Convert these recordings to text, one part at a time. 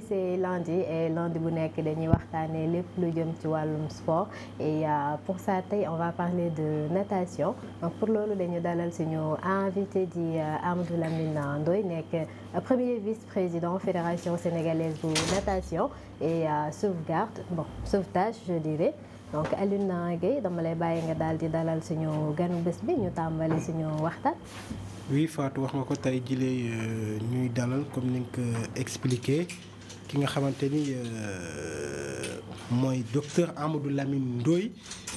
tey c'est lundi bu nekk dañuy waxtaanee lépp lu jëm ci wàllum sport euh, pour ça tey on va parler de natation pour loolu dañu dalal suñu invité di euh, Amadou Lamine Ndoye nekk euh, premier vice-président fédération sénégalaise bu natation et sauvegarde sauvetage je dirais donc Alioune Gueye dama lay bàyyi nga daal di dalal suñu ganu bés bi ñu tàmbali suñu waxtaan. oui Fatou wax nga ko tey jile ñuy dalal comme ni nga ki nga xamante ni euh, mooy docteur Amadou Lamine Ndoye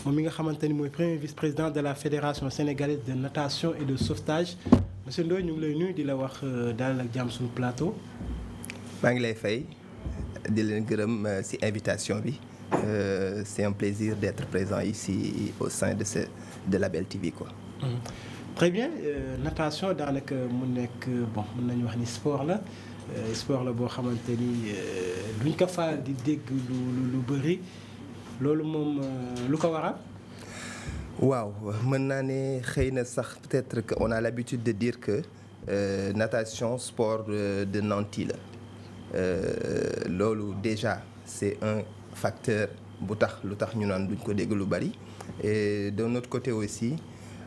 moom mi nga xamante ni mooy premier vice président de la fédération sénégalaise de natation et de sauvetage monsieur Ndoye ñu ngi lay nuyu di la wax euh, dalal ak jàmm suñu plateau. maa ngi lay fay di leen gërëm euh, ci invitation bi. Euh, c'est un plaisir d'être présent ici au sein de ce de Label TV quoi. Mmh. très bien euh, natation daanaka mu nekk bon mën nañu wax ni sport la Euh, sport la boo xamante ni euh, duñ ko faral di dégg lu lu bëri loolu moom euh, lu ko waral. waaw mën naa ne xëy na sax peut-être que on a l'habitude de dire que euh, natation sport de, de nanti la loolu déjà c'est un facteur bu tax lu tax ñu naan duñ ko dégg lu bari e de notre côté aussi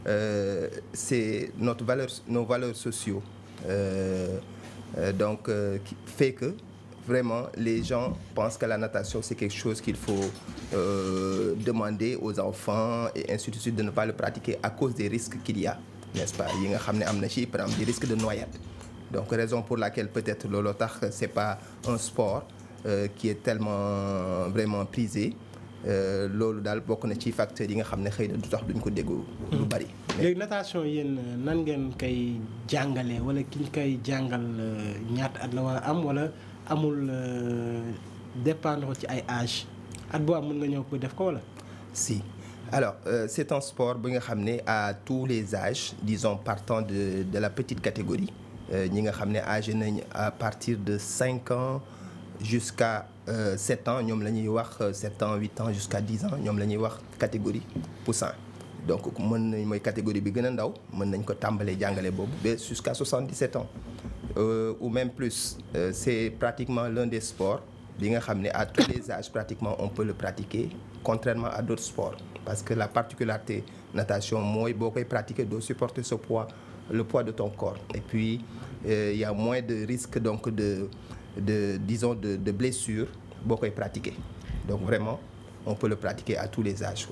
euh, c'est notre valeur nos valeurs sociaux. Euh, donc euh, qui fait que vraiment les gens pensent que la natation c'est quelque chose qu'il faut euh, demander aux enfants et ainsi de suite de ne pas le pratiquer à cause des risques qu'il y a n'est-ce pas yi nga xam ne am na ci par exemple des risques de noyade donc raison pour laquelle peut-être looloo tax c'est pas un sport euh, qui est tellement vraiment prisé Euh, loolu daal bokk na ci facteurs yi nga xam ne xëy na du tax duñ ko déggoo lu mm-hmm. bari. léegi natation yéen nan ngeen koy jàngalee wala ki ñu koy jàngal euh, ñaata at la war am wala amul euh, dépendre ci ay âge at boo am mën nga ñëw ko def ko wala. si alors euh, c'est un sport bi nga xam ne à tous les âges disons partant de de la petite catégorie ñi nga xam ne age nañ à partir de cinq ans. jusqu'à euh, 7 ans ñoom la ñuy wax 7 euh, ans 8 ans jusqu'à 10 ans ñoom la ñuy wax catégorie poussin donc mën nañ mooy catégorie bi gën a ndaw mën nañ ko tàmbalee jàngale boobu ba jusqu'à 77 ans euh, ou même plus euh, c'est pratiquement l'un des sports bi nga xam ne à tous les âges pratiquement on peut le pratiquer contrairement à d'autres sports parce que la particularité natation mooy boo koy pratiquer doo supporter ce poids le poids de ton corps et puis euh, il de risque donc de de disons de de blessure boo koy pratiquer donc vraiment on peut le pratiquer à tous les âges.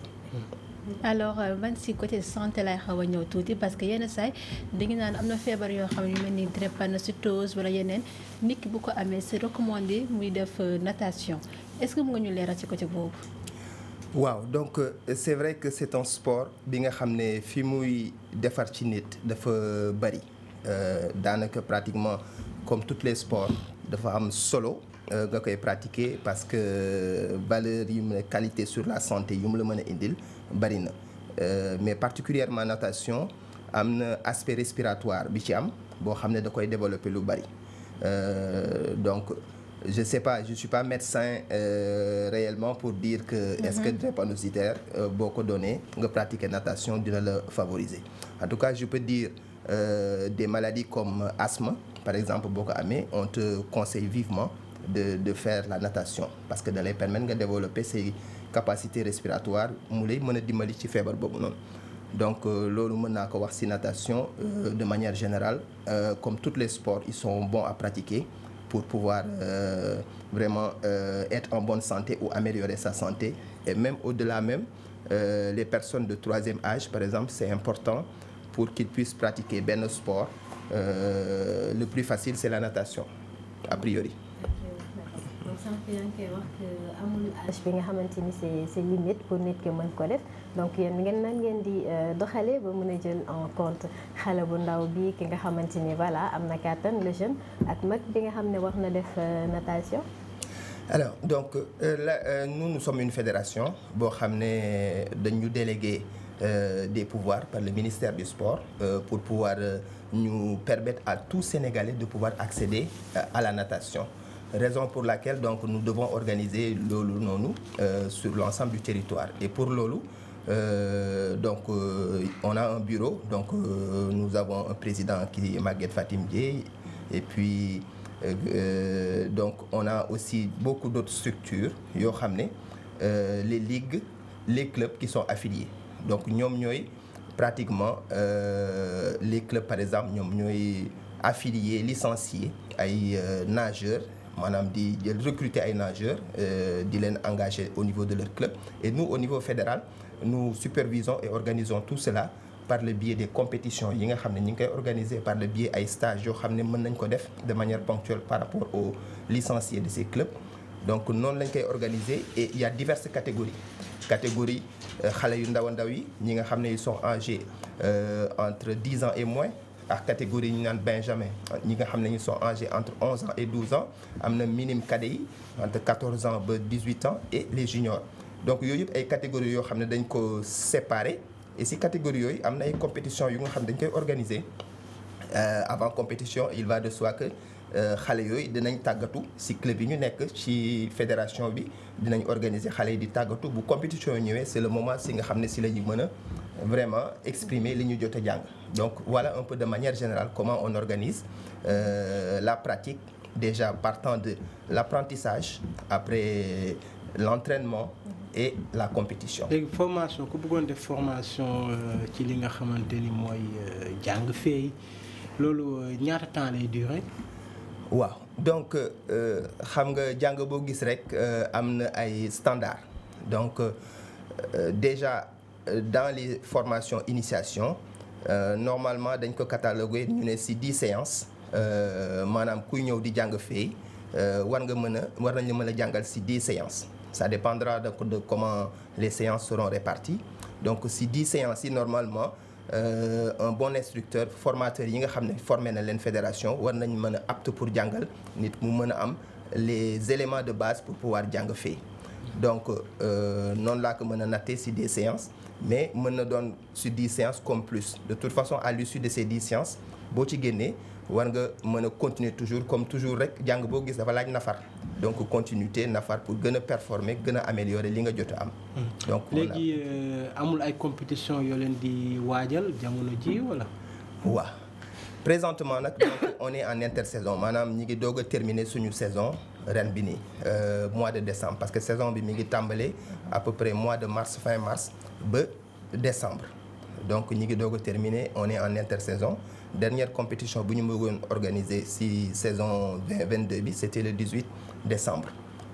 alors euh, man si côté santé lay xaw a ñëw tuuti parce que yenn saay dañu naan am na feebar yoo xam ne yu mel ni drépanocytose wala yeneen nit ki bu ko amee c'est recommandé muy def euh, natation est-ce que mu nga ñu leeral ci côté boobu. waaw donc euh, c'est vrai que c'est un sport bi nga xam ne fi muy defar ci nit dafa euh, bari daanaka pratiquement comme tous les sports. dafa am solo euh, nga koy pratiquer parce que euh, valeur yu mu ne qualité sur la santé yu mu la mën a indil bari na euh, mais particulièrement natation am na aspect respiratoire bi ci am boo xam ne da koy développer lu bari donc je sais pas je suis pas médecin euh, réellement pour dire que mm -hmm. est-ce que drépanocytaire euh, boo ko donnee nga pratiquer natation dina la favoriser en tout cas je peux dire des maladies comme asthme par exemple boo ko amee on te conseille vivement de de faire la natation parce que da lay permettre nga développer say capacité respiratoire mu lay mën a dimbali ci feebar boobu noonu donc euh, loolu mën naa ko wax ci natation euh, de manière générale euh, comme tous les sports ils sont bon à pratiquer pour pouvoir euh, vraiment euh, être en bonne santé ou améliorer sa santé et même au-delà même euh, les personnes de troisième âge par exemple c'est important pour qu'ils puissent pratiquer benn sport Euh, le plus facile c'est la natation a priori. donc bi nga xamante ni c'est c'est pour nit ki mën ko def donc yéen ngeen nan ngeen di doxalee ba mën a jël en compte xale bu ndaw bi ki nga xamante ni voilà am na kàttan le jeune ak mag bi nga xam ne war na def natation. alors donc euh, là euh, sommes une fédération boo xam ne dañu délégué. Euh, des pouvoirs par le ministère du Sport euh, pour pouvoir euh, nous permettre à tout Sénégalais de pouvoir accéder à la natation. Raison pour laquelle donc nous devons organiser loolu noonu sur l'ensemble du territoire et pour loolu euh, donc euh, on bureau donc euh, nous avons un président qui est Maguette Fatim Dieye et puis donc on a aussi beaucoup d'autres structures yoo xam ne les ligues les clubs qui sont affiliés donc ñoom ñooy pratiquement euh, les clubs par exemple ñoom ñooy affiliés licenciés ay euh, nageurs maanaam di jël recruter ay nageurs euh, di leen engager au niveau de leur club et nous au niveau fédéral nous supervisons et organisons tout cela par le biais des compétitions yi nga xam ne ñu ngi koy organiser par le biais ay stages yoo xam ne mën nañ ko def de manière ponctuelle par rapport aux licenciés de ces clubs donc noonu lañ koy organiser et il y a diverses catégories catégorie euh, xale yu ndaw a ndaw yi ñi nga xam ne ils sont âgés euh, entre 10 ans et moins ak catégorie ñu naan benjamin ñi nga xam ne ñu sont âgés entre 11 ans et 12 ans am na minime cadet yi entre 14 ans ba 18 ans et les juniors donc yooyu yëpp ay catégories yoo xam ne dañ ko séparer et si yooyu am na ay compétitions yu nga xam ne dañ koy organiser euh, avant compétition il va de soi que Euh, xale yooyu dinañ tàggatu ci club yi ñu nekk ci fédération bi dinañ organiser xale yi di tàggatu bu compétition yi ñëwee c'est le moment si nga xam ne si la ñu mën a vraiment exprimer li ñu jot a jàng donc voilà un peu de manière générale comment on organise euh, la pratique déjà partant de l'apprentissage après l'entraînement et la compétition. léegi formation ku bëggoon def formation euh, ci li nga xamante ni mooy euh, jàng fee loolu ñaata temps lay durer. waaw donc euh, xam nga jàng boo gis rek euh, am na ay standards donc euh, déjà dans les formations initiation normalement dañ ko cataloguer ñu ne ci dix séances maanaam kuy ñëw di jàng fee war nga mën a war nañ la mën a jàngal ci dix séances ça dépendra donc de comment les séances seront réparties donc ci dix séances yi normalement Euh, un bon instructeur formateur yi nga xam ne formé na leen fédération war nañ mën a apte pour jàngal nit mu mën a am les éléments de base pour pouvoir jàng fee donc euh, noonu laa ko mën a nattee si des séances mais mën na doon sur dix séances comme plus de toute façon à l'issue de ces dix séances boo ci génnee war nga mën a continuer toujours comme toujours rek jàng boo gis dafa laaj nafar donc continuité nafar pour gën a performer gën a améliorer li nga jot am. Hmm. donc léegi euh, amul ay compétition yoo leen di waajal jamono ji hmm. wala. waaw présentement nag on est en intersaison maanaam ñi ngi doog a terminer suñu saison ren bi nii euh, mois de décembre parce que saison bi mi ngi tàmbale à peu près mois de mars fin mars ba décembre. donc ñi ngi doog a terminé on est en saison dernière compétition bu ñu mëgoon organiser si saison 2022 bi c'était le 18 décembre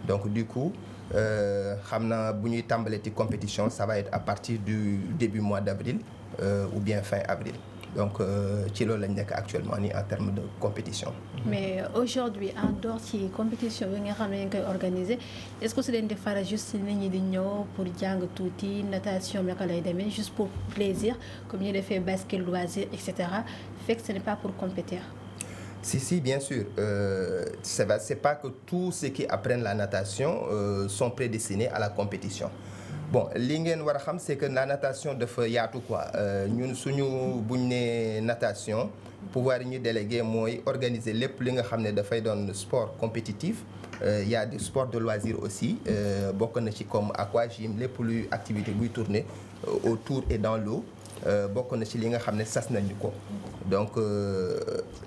donc du coup euh, xam naa bu ñuy tàmbalee ti compétition ça à partir du début mois d'avril euh, ou bien fin avril donc euh, ci loolu lañ nekk actuellement nii en termes de compétition. mais aujourd'hui en dehors ci compétition bi nga xam ne dañ koy organiser est-ce que su leen di faral juste nit ñi di ñëw pour jàng tuuti natation naka lay demee juste pour plaisir comme ñu defee basket loisir et cetera fekk ce n'est pas pour compétir. Si, si, bien sûr. Euh, c'est pas que tous ceux qui apprennent la natation euh, sont prédestinés à la compétition. bon li ngeen war a xam c'est que la natation dafa yaatu quoi euh, ñun suñu buñ nee natation pouvoir yi ñu délégué mooy organiser lépp li nga xam ne dafay doon sport compétitif euh, y a sport de loisir aussi euh, bokk na ci comme aquagym lépp luy activité buy tourner autour et dans l'eau bokk na ci li nga xam ne sas nañu ko donc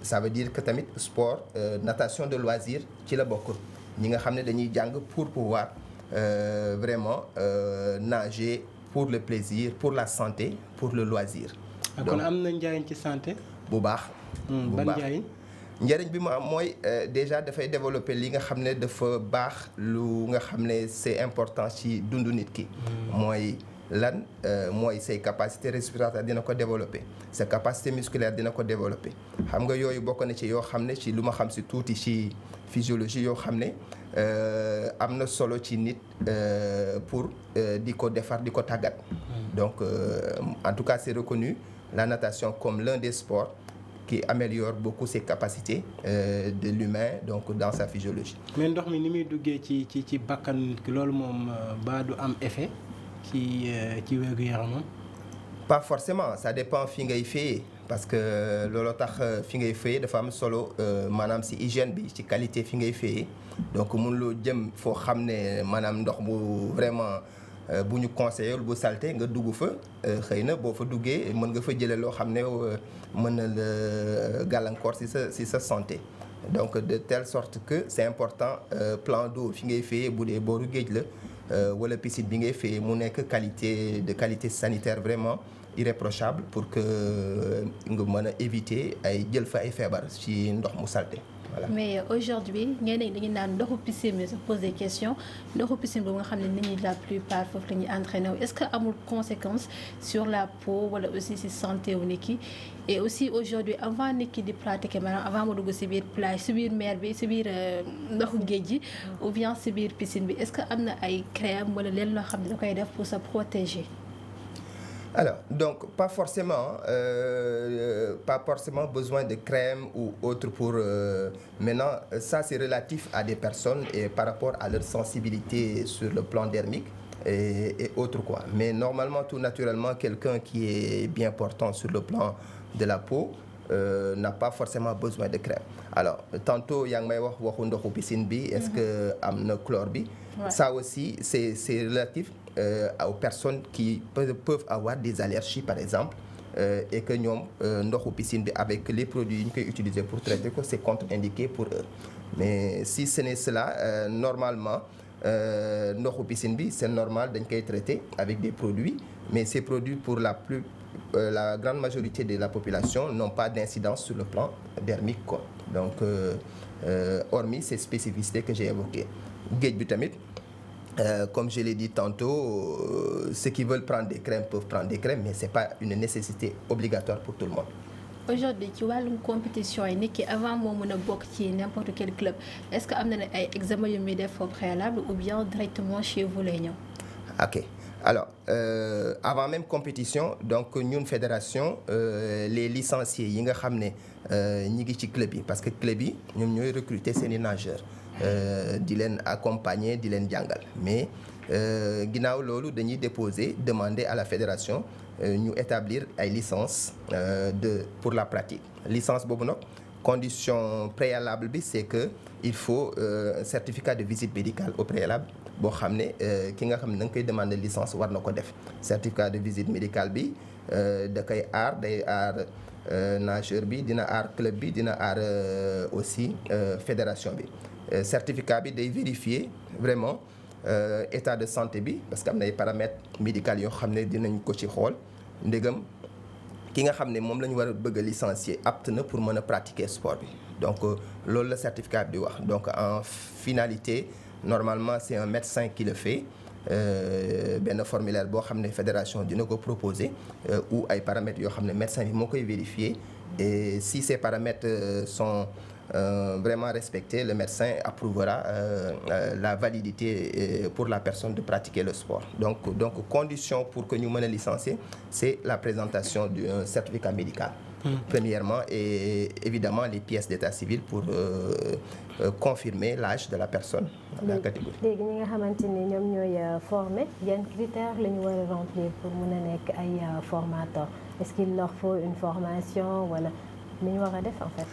ça veut dire que tamit sport natation de loisir ci la bokk ñi nga xam ne dañuy jàng pour pouvoir euh, vraiment euh, nager pour le plaisir pour la santé pour le loisir. Ah, kon am na njariñ ci santé. bu baax. Hmm, bu baax njariñ bi mu am mooy euh, déjà dafay développer li nga xam ne dafa baax lu nga xam ne c'est important ci dundu nit ki. Hmm. mooy lan euh, mooy say capacité respiratoire dina ko développer sa capacité musculaire dina ko développer xam nga yooyu bokk na ci yoo xam ne ci lu ma xam si tuuti ci physiologie yoo xam ne. Euh, am na solo ci nit euh, pour euh, di ko defar di ko tàggat. Hmm. donc en tout cas c'est reconnu la natation comme l'un des sports qui améliore beaucoup ses capacités euh, de l'humain donc dans sa physiologie. mais ndox mi ni muy duggee ci ci ci bakkan ki loolu moom ba du am effet ci ci wér-gu-yaramam. pas forcément ça dépend fi ngay fayee. parce que looloo tax euh, fi ngay fayee dafa am solo euh, maanaam si hygiène bi ci qualité fi ngay fayee donc mun loo jëm foo xam ne maanaam ndox bu vraiment euh, bu ñu conseillé bu salté nga dugg fa xëy na boo fa duggee mën nga fa jëlee loo xam ne mën na la gàllankoor si sa si sa santé. donc de telle sorte que c'est important plan d'eau fi ngay fayee bu dee booru géej la wala piscine bi ngay fayee mu nekk qualité de qualité sanitaire vraiment. irréprochable pour que nga mën a éviter ay jël fa ay feebar ci ndox mu salte voilà mais aujourd'hui ñenn ñi dañu naan ndoxu piscine bi se pose question questions ndoxu piscine boobu nga xam ne nit ñi la plupart foofu la ñuy entraîné est-ce que amul conséquence sur la peau wala aussi si santé wu nit ki et aussi aujourd'hui avant nit ki di pratiquer maanaam avant mu dugg si biir plage si biir mer bi si biir euh, ndoxu géej gi ou bien si biir piscine bi est-ce que am na ay crème wala leen loo xam ne da koy def pour se protéger alors donc pas forcément euh, pas forcément besoin de crème ou autre pour euh, maintenant ça c'est relatif à des personnes et par rapport à leur sensibilité sur le plan dermique et, et autre quoi mais normalement tout naturellement quelqu'un qui est bien portant sur le plan de la peau euh, n'a pas forcément besoin de crème alors tantôt yaa ngi may wax waxu ndoxu piscine bi est-ce mm-hmm. que am na chlore bi ça aussi c'est c'est relatif Euh, aux personnes qui peuvent avoir des allergies par exemple euh, et que ñoom euh, ndoxu piscine bi avec les produits yi ñu koy utiliser pour traiter ko c'est contre-indiqué pour eux mais si ce n'est cela normalement ndoxu piscine bi c'est normal dañ koy traiter avec des produits mais ces produits pour la plus la grande majorité de la population n'ont pas d'incidence sur le plan dermique quoi donc hormis ces spécificités que j'ai évoquées géej bi tamit Euh, comme je l'ai dit tantôt, euh, ceux qui veulent prendre des crèmes peuvent prendre des crèmes, mais ce pas une nécessité obligatoire pour tout le monde. aujourd'hui ci wàllum compétition yi nit ki avant moo mën a bok ci n'importe quel club est-ce que am na ne ay examen yu muy def au préalable ou bien directement chez vous lay ñëw. ok alors euh, avant même compétition donc ñun fédération euh, les licenciés yi nga xam ne euh, ñi ngi ci club yi parce que club yi ñoom ñooy recruter seeni nageurs. Euh, di leen accompagner di leen jàngal mais euh, ginnaaw loolu dañuy déposer demander à la fédération euh, ñu établir ay licence de pour la pratique licence boobu nag condition préalable bi c'est que il faut certificat de visite médicale au préalable boo xam ne ki nga xam ne da nga koy demander licence war na ko def certificat de visite médical bi da koy aar day aar nageur bi dina aar club bi dina aar aussi fédération bi Euh, certificat bi day vérifier vraiment euh, état de santé bi parce que am na ay paramètres médicaux yoo xam ne dinañ ko ci xool ndegam ki nga xam ne moom la ñu war a bëgg a licencier apt na pour mën a pratiquer sport bi donc euh, loolu la certificat bi wax donc en finalité normalement c'est un médecin qui le fait benn formulaire boo xam ne fédération dina ko proposer ou ay paramètres yoo xam ne médecin bi moo koy vérifier et si ces paramètres son Euh, vraiment respectée, le médecin approuvera euh, euh, la validité pour la personne de pratiquer le sport. Donc, donc condition pour que nous menions licencier, c'est la présentation d'un certificat médical. Mmh. Premièrement, et évidemment les pièces d'état civil pour euh, euh, confirmer l'âge de la personne, la catégorie. léegi ñi nga xamante ni ñoom ñooy formé yan critères la ñu war a remplir pour mën a nekk ay formateurs est-ce qu'il leur faut une formation wala li ñu war a def en fait.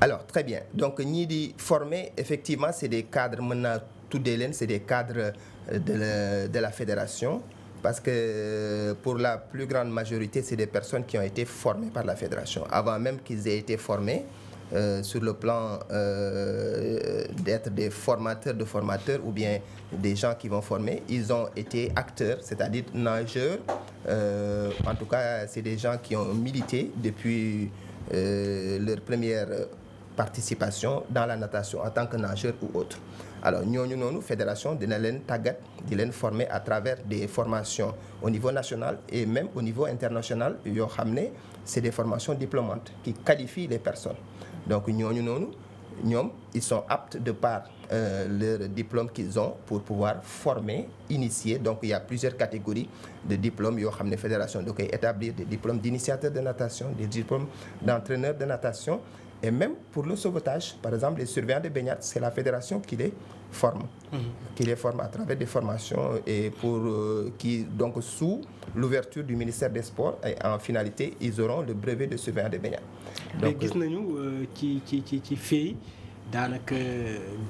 alors très bien donc ñii di former effectivement c'est des cadres mën naa tuddee leen c'est des cadres euh, de la de la fédération parce que euh, pour la plus grande majorité c'est des personnes qui ont été formées par la fédération avant même qu'ils aient été formés euh, sur le plan euh, d'être des formateurs de formateurs ou bien des gens qui vont former ils ont été acteurs c'est-à-dire nageurs euh, en tout cas c'est des gens qui ont milité depuis euh, leur première participation dans la natation en tant que nageur ou autre alors ñooñu noonu fédération dina leen tàggat di leen former à travers des formations au niveau national et même au niveau international yoo xam ne c'est des formations diplômantes qui qualifient les personnes donc ñooñu noonu ñoom ils sont aptes de par euh, leur diplôme qu'ils ont pour pouvoir former initier donc il y a plusieurs catégories de diplômes yoo xam ne fédération da koy établir des diplômes d'initiateur de natation des diplômes d'entraîneur de natation Et même pour le sauvetage, par exemple, les surveillants de baignade, c'est la fédération qui les forme, mmh. qui les forme à travers des formations et pour euh, qui, donc, sous l'ouverture du ministère des Sports, et en finalité, ils auront le brevet de surveillant de baignade. donc gis euh, nañu euh, ci ci ci ci fii daanaka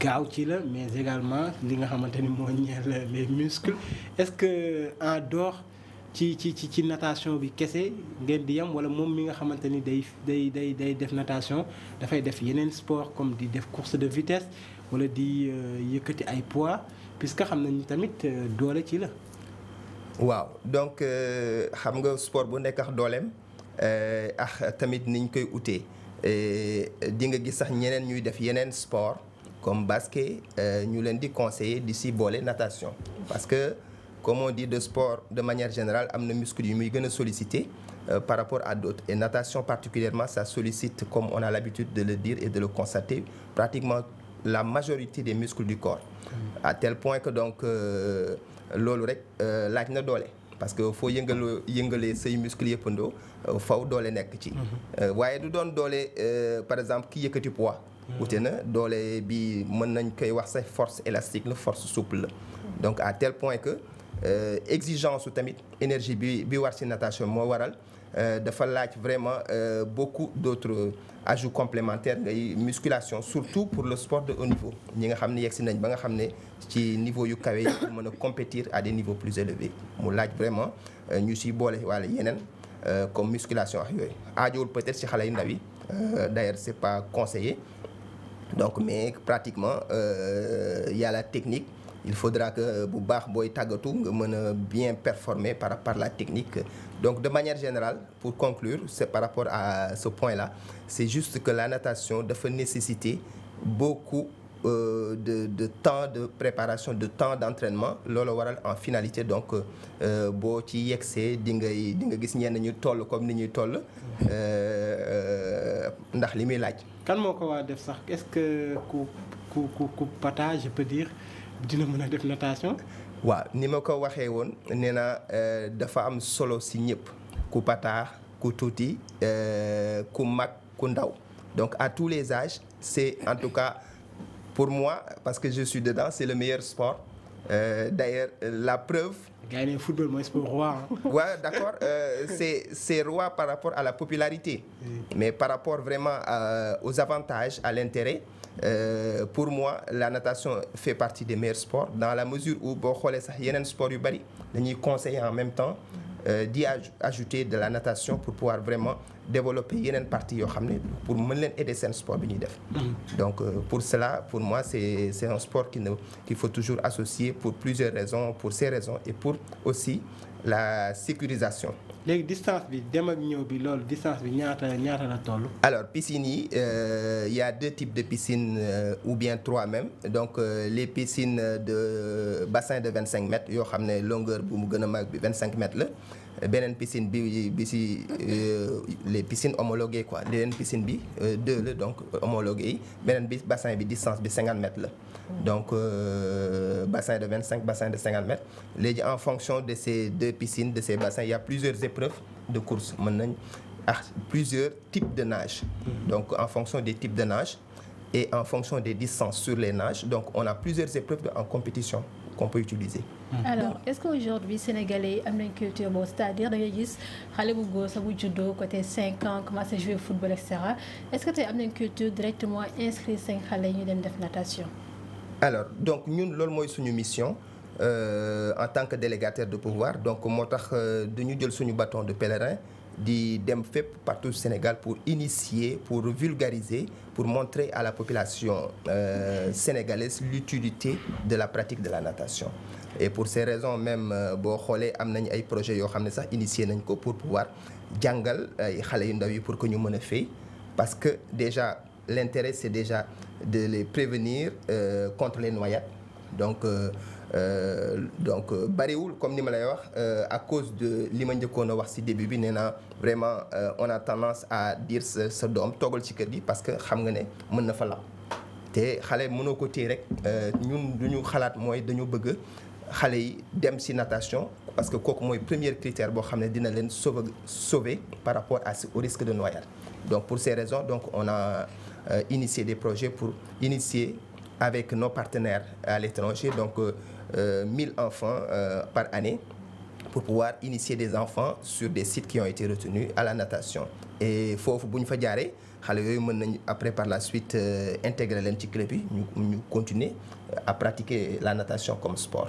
gaaw ci la mais également li nga xamante ni moo ñeel les muscles est-ce que en dehors. ci ci ci ci natation bi kese ngeen di yem wala moom mi nga xamante ni day day day day def natation dafay def yeneen sport comme di def course de vitesse wala di euh, yëkkati ay poids puisque xam nañ tamit euh, doole ci la. waaw donc euh, xam nga sport bu nekk ak dooleem ak tamit niñ koy utee di nga gis sax ñeneen ñuy def yeneen sport comme basket ñu leen di conseiller di si boole natation parce comme on dit de sport de manière générale am na muscles yu muy gën a sollicité euh, par rapport à d'autres et natation particulièrement ça sollicite comme on a l'habitude de le dire et de le constater pratiquement la majorité des muscles du corps à tel point que donc euh, loolu rek euh, laaj na doole parce que foo yëngaloo yëngalee say muscles yëppandoo faw doole nekk ci mhm. waaye du doon doole par exemple ki yëkkati poids mhm. wute na doole bi mën nañ koy wax sa force élastique la force souple la mhm. donc à tel point que Euh, exigence su tamit énergie bi bi war ci natation moo waral euh, dafa laaj vraiment euh, beaucoup d'autres ajouts complémentaires ngay musculation surtout pour le sport de haut niveau ñi nga xam ne yegsi nañ ba nga xam ne ci niveau yu kawe yi mën a compétir à des niveaux plus élevés mu laaj vraiment ñu ci boole walla yeneen comme musculation ak yooyu aajowul peut-être ci xale yu ndaw yi c'est pas conseiller donc mais pratiquement euh, y la technique il faudra que bu baax booy tàggatu nga mën a bien performer par par la technique donc de manière générale pour conclure c'est par rapport à ce point là c'est juste que la natation dafa nécessiter beaucoup euh, de de temps de préparation de temps d'entraînement loolu waral en finalité donc euh, boo ci yegsee di ngay di nga gis ñenn ñu toll comme ni ñuy toll euh, euh, ndax li muy laaj. kan moo ko waa def sax est-ce que ku ku ku pata je peux dire. dina mën a def natation. waaw ni ma ko waxee woon nee na euh, dafa am solo si ñëpp ku pataax ku tuuti euh, ku mag ku ndaw donc à tous les âges c'est en tout cas pour moi parce que je suis dedans c'est le meilleur sport euh, d'ailleurs la preuve gars yi ne football mooy sport roi. waaw d'accord euh, c'est c'est roi par rapport à la popularité. mais par rapport vraiment à, euh, aux avantages à l'intérêt euh, pour moi la natation fait partie des meilleurs sports dans la mesure où boo xoolee sax yeneen sport yu bari dañuy conseiller en même temps euh, d'y ajouter de la natation pour pouvoir vraiment. développer yeneen partie yoo xam ne pour mën leen aider seen sport bi ñuy def donc euh, pour cela pour moi c'est c'est un sport qu'il faut toujours associer pour plusieurs raisons pour ces raisons et pour aussi la sécurisation léegi distance bi dem ak ñëw bi loolu distance bi ñaata ñaata la toll. alors piscines yi euh, il y a deux types de piscines euh, ou bien trois même donc euh, les piscines de bassin de vingt cinq mètres yoo xam ne longueur bu mu gën a mag bi vingt cinq mètres la. beneen piscine bi bi si euh, les piscines homologuées quoi beneen piscine bi euh, deux la donc homologuée yi beneen bi bassin bi distance bi 50 mètres la. donc euh, bassin de 25 bassin de 50 mètres léegi en fonction de ces deux piscines de ces bassins il y a plusieurs épreuves de course mën nañ ah plusieurs types de nage. Hmm. donc en fonction de types de nage. et en fonction des distances sur les nages. Donc, on a plusieurs épreuves en compétition qu'on peut utiliser. Mm-hmm. alors est-ce que aujourd'hui sénégalais yi am nañ culture boobu c'est-à-dire da ngay gis xale bu góor sax bu juddoo côté cinq ans commencé jouer football et est-ce que tey am nañ culture directement inscrit seen xale yi ñu dem def natation. alors donc ñun loolu mooy suñu mission. Euh, en tant que délégataire de pouvoir donc moo tax euh, du ñu jël suñu bâton de pèlerin di dem fépp partout Sénégal pour initier pour vulgariser pour montrer à la population euh, sénégalaise l'utilité de la pratique de la natation et pour ces raisons même euh, boo xoolee am nañ ay projets yoo xam ne sax initier nañ ko pour pouvoir jàngal ay euh, xale yu ndaw pour que ñu mën a fay parce que déjà l'intérêt c'est déjà de les prévenir euh, contre les noyades donc euh, Euh, donc euh, bariwul comme ni ma lay wax euh, à cause de li ma njëkkoon a wax ci début bi nee naa vraiment on a tendance à dire sa sa doom toggal ci kër gi parce que xam nga ne mën na fa law te xale mënoo ko téye rek ñun du ñu xalaat mooy dañu bëgg xale yi dem ci natation parce que kooku mooy premier critère boo xam ne dina leen sauver sauver par rapport à au risque de noyade donc pour ces raisons donc on a initié des projets pour initier avec nos partenaires à l'étranger donc 1000 euh, enfants euh, par année pour pouvoir initier des enfants sur des sites qui ont été retenus à la natation. e foofu bu ñu fa jaaree xale yooyu mën nañ après par la suite euh, intégrer leen ci club yi ñu ñu continuer à pratiquer la natation comme sport.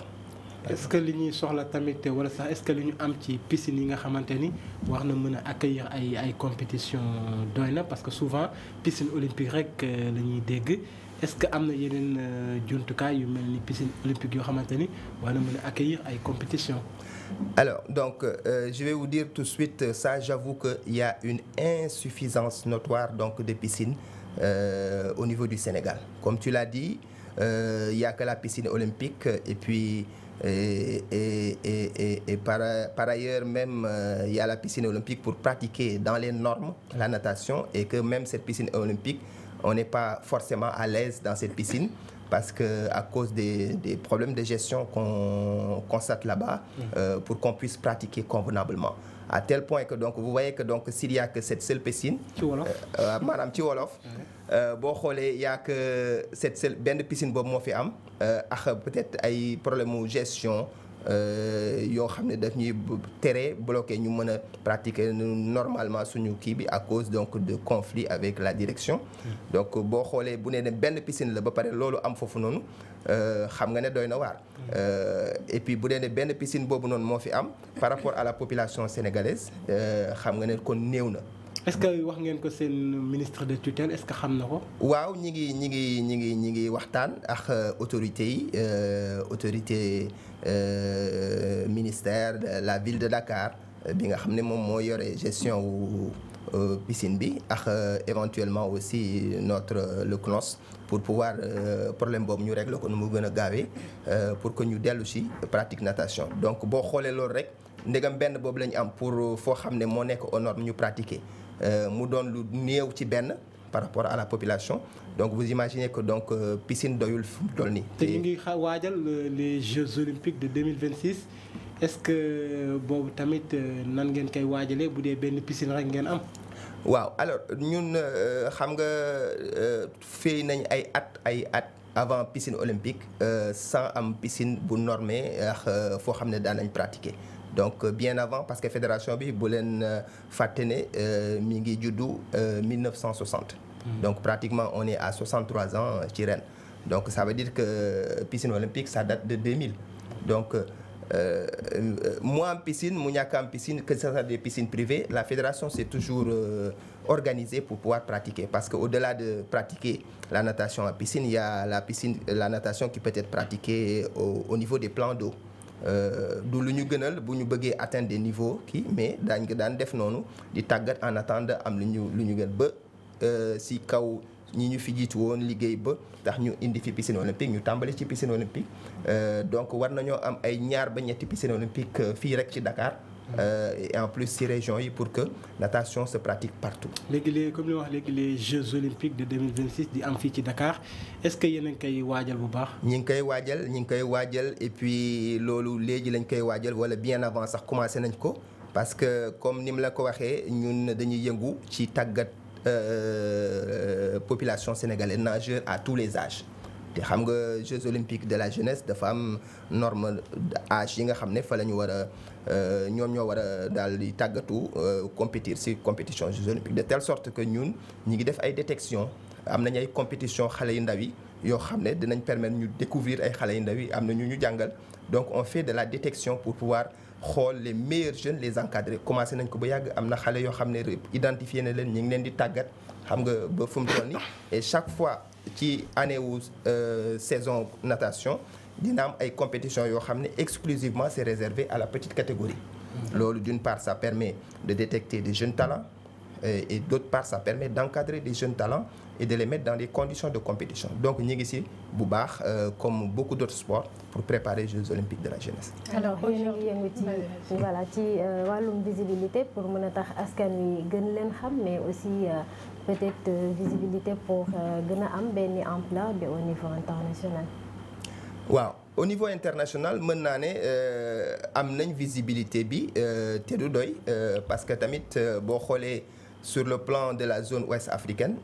est que li ñuy soxla tamit wala sax est-ce que li ñu am ci piscine yi nga xamante ni wax na mën a accueillir ay ay compétition doy na parce que souvent piscine olympique rek la ñuy dégg. est-ce que am na yeneen euh, jumtukaay yu mel ni piscine olympique yoo xamante ni war na mën accueillir ay compétition alors donc euh, je vais vous dire tout de suite euh, ça j'avoue que y a une insuffisance notoire donc de piscines euh, au niveau du Sénégal comme tu la dit euh, il y a que la piscine olympique et puis et, et, et, par, par, ailleurs même euh, il y a la piscine olympique pour pratiquer dans les normes la natation et que même cette piscine olympique on n'est pas forcément à l'aise dans cette piscine parce que à cause des, des problèmes de gestion qu'on constate là-bas, mm-hmm. euh, pour qu'on puisse pratiquer convenablement. À tel point que donc vous voyez que donc s'il n'y a que cette seule piscine. ci wolof euh, euh, maanaam ci wolof. Euh, boo xoolee y a que cette seule benn piscine boobu moo fi am. ah peut-être ay problème mu gestion. Euh, yoo xam ne daf ñuy tere bloqué ñu mën a pratiquer normalement suñu kii bi à cause donc de conflit avec la direction mm. donc boo xoolee bu nee ne benn piscine la ba pare loolu am foofu noonu euh, xam nga ne doy na waar mm. euh, et puis bu dee ne benn piscine boobu noonu moo fi am par rapport à la population sénégalaise xam nga ne kon néew na est-ce que wax ngeen ko seen ministre de tutelle est-ce que xam na ko. waaw ñi ngi ñi ngi ñi ngi ñi ngi waxtaan ak euh, autorités yi euh, autorité euh, ministère de la ville de Dakar bi nga xam ne moom moo yore gestion wu piscine bi ak éventuellement aussi notre le CNOS pour pouvoir problème boobu ñu régler ko nu mu gën a gaawee pour que ñu dellu ci pratique natation donc boo xoolee loolu rek ndegam benn boobu lañu am pour foo xam ne moo nekk aux normes ñu pratiquer. Euh, mu doon lu néew ci benn par rapport à la population donc vous imaginez que donc euh, piscine doyul fu mu toll nii. te ñu ngi xa waajal euh, les Jeux olympiques de 2026 est-ce que boobu tamit nan ngeen koy waajalee bu dee benn piscine rek ngeen am. waaw alors ñun xam nga fii nañ ay at ay at. avant piscine olympique sans am piscine bu normée foo xam ne daan nañ pratiquer. donc euh, bien avant parce que fédération bi bu leen euh, fàtte ne euh, mi ngi juddu 1960. Hmm. donc pratiquement on est à 63 ans ci ren. donc ça veut dire que piscine olympique ça date de mille donc mu am piscine mu ñàkk am piscine que ce soit des piscines privées la fédération s'est toujours organisée pour pouvoir pratiquer parce que au-delà de pratiquer la natation en piscine il y a la natation qui peut être pratiquée au, au niveau des plans d'eau Euh, du lu ñu gënal bu ñu bëggee atteindre niveau niveaux kii mais daañ ko daan def noonu di tàggat en attendant am lu ñu lu ñu gën ba euh, si kaw ñi ñu fi jiitu woon liggéey ba tax ñu indi fi piscine olympique ñu tàmbali ci piscine olympique euh, donc war nañoo am ay ñaar ba ñetti piscine olympique fii rek ci Dakar Euh, et en plus ci régions yi pour que natation se pratique partout. léegi les comme li wax léegi les Jeux olympiques de 2026 di am fii ci Dakar est-ce que yéen a koy waajal bu baax. ñi ngi koy waajal ñi ngi koy waajal et puis loolu léegi lañ koy waajal wala bien avant sax commencé nañ ko parce que comme ni mu la ko waxee ñun dañuy yëngu ci tàggat euh, population sénégalaise nageur à tous les âges. xam nga Jeux olympiques de la jeunesse dafa am normal âge yi nga xam ne fa la ñu war a euh, ñoom ñoo war a daal di tàggatu euh, compétir si compétition Jeux olympiques de telle sorte que ñun ñi ngi def ay détection am nañ ay compétition xale yu ndaw yi yoo xam ne dinañ permettre ñu découvrir ay xale yu ndaw yi am na ñu ñu jàngal donc on fait de la détection pour pouvoir xool le meilleurs jeunes les encadrer commencé nañ ko ba yàgg am na xale yoo xam ne identifié na leen ñu ngi leen di tàggat xam nga ba fu mu toll nii et chaque fois ci année wu euh, saison natation dina am ay compétition yoo xam ne exclusivement c'est réservé à la petite catégorie mm-hmm. loolu d'une part ça permet de détecter des jeunes talents et d'autre part ça permet d'encadrer des jeunes talents et de les mettre dans des conditions de compétition donc ñu ngi ci bu baax euh, comme beaucoup d'autres sports pour préparer les Jeux olympiques de la jeunesse. alors aujourd'hui yëngu ci voilà ci euh, wàllum visibilité pour mën a tax peut-être euh, visibilité pour euh, gën am au niveau international. waaw au mën naa ne euh, am nañ visibilité bi te du doy parce que tamit boo xoolee sur le plan de la zone ouest africaine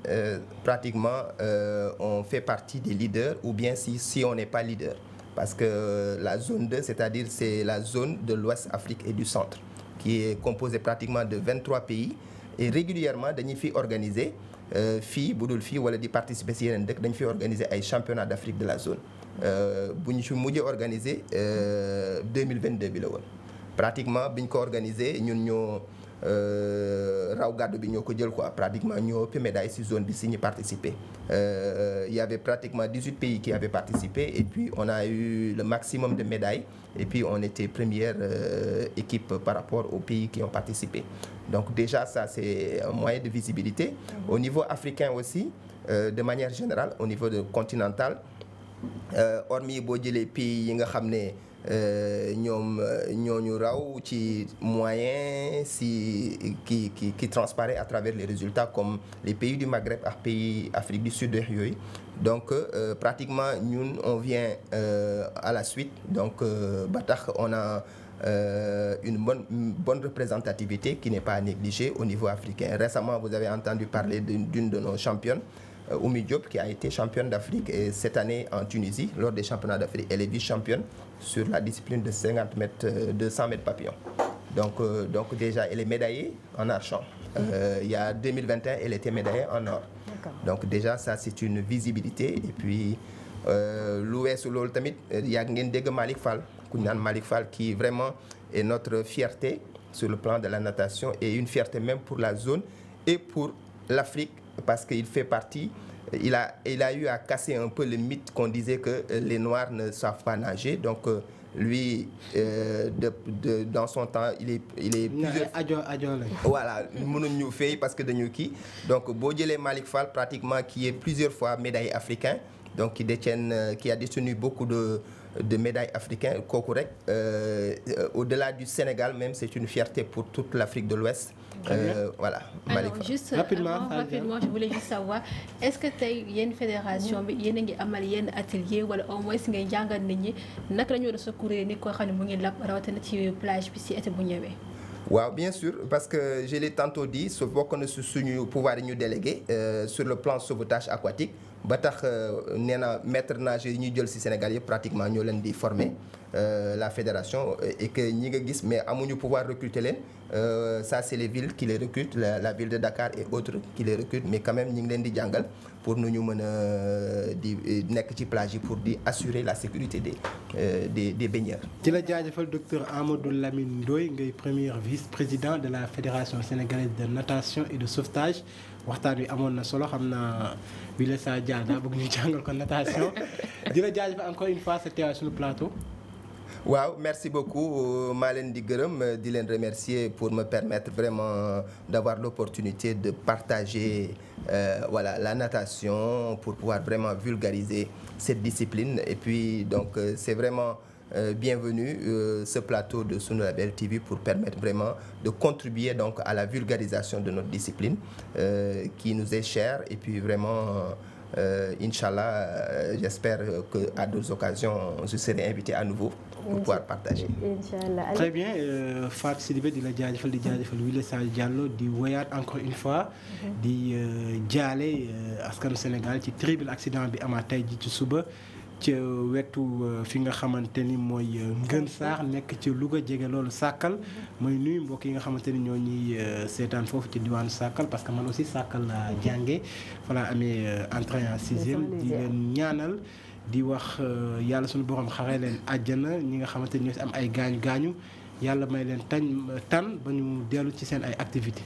pratiquement euh, on fait partie des leaders ou bien si si on n'est pas leader parce que la zone 2 c'est-à-dire c'est la zone de l'ouest Afrique et du centre qui est composée pratiquement de 23 pays et régulièrement dañu fi organiser euh, fii bu dul fii wala di participer si yeneen dëkk dañu fi organiser ay championnat d'Afrique de la zone euh, bu ñu si mujjee organiser 2022 euh, bi la woon pratiquement bi ñu ko organiser ñun ñoo raw gàddu bi ñoo ko jël ko quoi pratiquement ñoo ëpp médaille si zone bi si ñu participer y avait pratiquement 18 pays qui avaient participé et puis on a eu le maximum de médailles et puis on était première équipe par rapport aux pays qui ont participé Donc déjà, ça, c'est un moyen de visibilité. Au niveau africain aussi, euh, de manière générale, au niveau de continental, euh, hormis boo jëlee pays yi nga xam ne euh, ñoom euh, ñooñu raw ci moyen si qui qui qui transparaît à travers les résultats comme les pays du Maghreb ak pays Afrique du Sud yooyu donc euh, pratiquement ñun on vient à la suite donc ba on a euh, une, bonne, une bonne représentativité qui n'est pas à négliger au niveau africain. Récemment, vous avez entendu parler d'une de nos championnes, euh, Oumi Diop, qui a été championne d'Afrique cette année en Tunisie, lors des championnats d'Afrique. Elle vice-championne sur la discipline de 50 mètres, euh, de 100 mètres papillon. Donc, euh, donc déjà, elle est médaillée en argent. Euh, il y a 2021, elle était médaillée en or. Donc déjà, ça, c'est une visibilité. Et puis, euh, l'Ouest, tamit il y a Malik Fall. ku ñu naan Malick Fall qui vraiment est notre fierté sur le plan de la natation et une fierté même pour la zone et pour l'Afrique parce qu'il fait partie il a il a eu à casser un peu le mythe qu'on disait que euh, les Noirs ne savent pas nager donc euh, lui euh, de, de dans son temps il est il est plusieurs... ajo ajo la voilà mënuñ ñu fay parce que dañu kii donc boo jëlee Malick Fall pratiquement qui est plusieurs fois médaillé africain donc qui détient euh, qui a détenu beaucoup de de médailles africaines kooku rek euh, au-delà du Sénégal même c'est une fierté pour toute l'Afrique de l'Ouest Euh, voilà alors juste euh, rapidement, avant, rapidement je voulais savoir est-ce que tey yenn fédération bi yéen a ngi amal yenn atelier wala au moins ngay jàngal nit ñi nak la ñu war a secourir ni koo xam ne mu ngi lab rawatina ci plage bi si été bu ñëwee. waaw bien sûr parce que je l'ai tantôt dit su bokk na su suñu pouvoir yi ñu délégué euh, sur le plan sauvetage aquatique. ba tax euh, nee na maître nageur yi ñuy jël ci Sénégal yëpp pratiquement ñoo leen di former euh, la fédération et que ñi nga gis mais amuñu pouvoir recruter leen euh, ça c'est les villes qui les recrutent la, la ville de Dakar et autres qui les recrutent mais quand ñi ngi leen di jàngal pour nu ñu mën a di nekk ci plage yi pour di assurer la sécurité des euh, des des baigneurs. ci la jaajëfal docteur Amadou Lamine Ndoye ngay premier vice-président de la fédération sénégalaise de natation et de sauvetage. waxtaan wi amoon na solo xam naa Wilessa Dia daa bëgg ñu jàngal ko natation di la jaajëfal encore une fois sa teewaay suñu plateau. waaw merci beaucoup euh, maa leen di gërëm di leen remercier pour me permettre vraiment d'avoir l'opportunité de partager euh, voilà la natation pour pouvoir vraiment vulgariser cette discipline et puis donc euh, c'est vraiment Euh, bienvenue euh, ce plateau de Sunu Label TV pour permettre vraiment de contribuer donc à la vulgarisation de notre discipline euh, qui nous est chère et puis vraiment euh, Inch'Allah, euh, j'espère qu'à d'autres occasions, je serai invité à nouveau pour partager. Très bien, euh, Fat di la jaajëfal di jaajëfal Wile Sadio Diallo di woyaat encore une fois mhm. di jaale askanu Sénégal ci terrible accident bi amaat tey ji ci suba. ci wetu euh, fi nga xamante ni mooy euh, ngën saax nekk ci Louga jege loolu sàkkal mooy nuyu mbokk yi nga xamante ni ñoo ñuy euh, seetaan foofu ci diwaanu sàkkal parce que man aussi sàkkal laa jànge fa laa amee entrée en sixième di leen ñaanal di wax yàlla suñu borom xare leen àjjana ñi nga xamante ni ñoo si am ay gaañu gaañu yàlla may leen tañ tan ba ñu dellu ci seen ay activité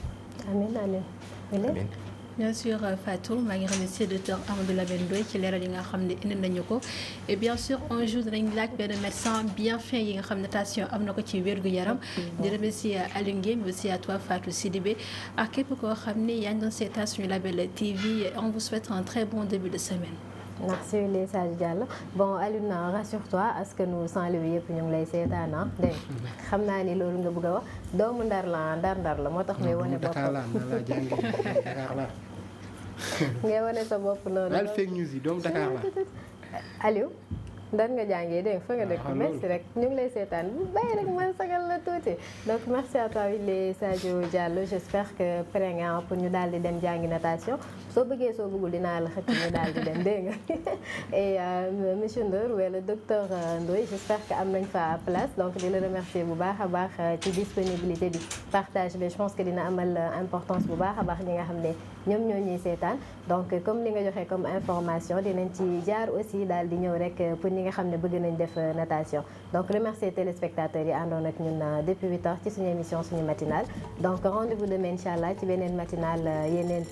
bien sûr euh, Fatou maa ngi remercier docteur Amadou Label Ndoye ci leeral yi nga xam ne indi nañu ko et bien sûr un jour dinañ laaj benn médecin bien fin yi nga xam ne tension am na ko ci wér-gu-yaram di remercier euh, Aliou Ngueye mais aussi à toi Fatou Sidibé ak képp koo xam ne yaa ngi doon seetaan suñu Label TV on vous souhaite un très de semaine merci les sages Diallo bon Alioune rassure-toi askanu Saint-Louis yëpp ñu lay seetaan ah dégg xam naa ni loolu nga bëgg a wax doomu ndar la ah, ndar ndar la moo tax may wane boppam ngay wane sa bopp noonu. daal fake news yi doomu Dakar la. Aliou. dan nga jàngee dégg nga fa nga dëkk ah, rek ñu lay seetaan bu bàyyi rek man sagal la tuuti donc merci à toi Sadio Diallo j'espère que pare nga pour ñu daal di dem jàngi natation. soo bëggee soo bëggul dinaa la xëcc ñu daal di dem dégg nga et euh, monsieur Ndour wala docteur euh, Ndoye j'espère que am nañ fa place donc di la remercier bu baax a baax euh, ci disponibilité bi partage bi je pense que dina amal importance bu baax a baax ñi nga xam ne ñoom ñoo ñuy seetaan donc comme li nga joxe comme information dinañ ci jaar aussi daal di ñëw rek pour ñi nga xam ne bëgg nañ def natation donc remercier téléspectateurs yi àndoon ak ñun depuis 8 heures ci suñu émission suñu matinale donc rendez allah ci beneen matinale yeneen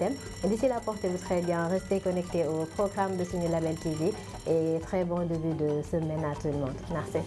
portez-vous très bien, restez connectés au programme de Sunu Label TV et très bon début de semaine à tout le monde. Merci.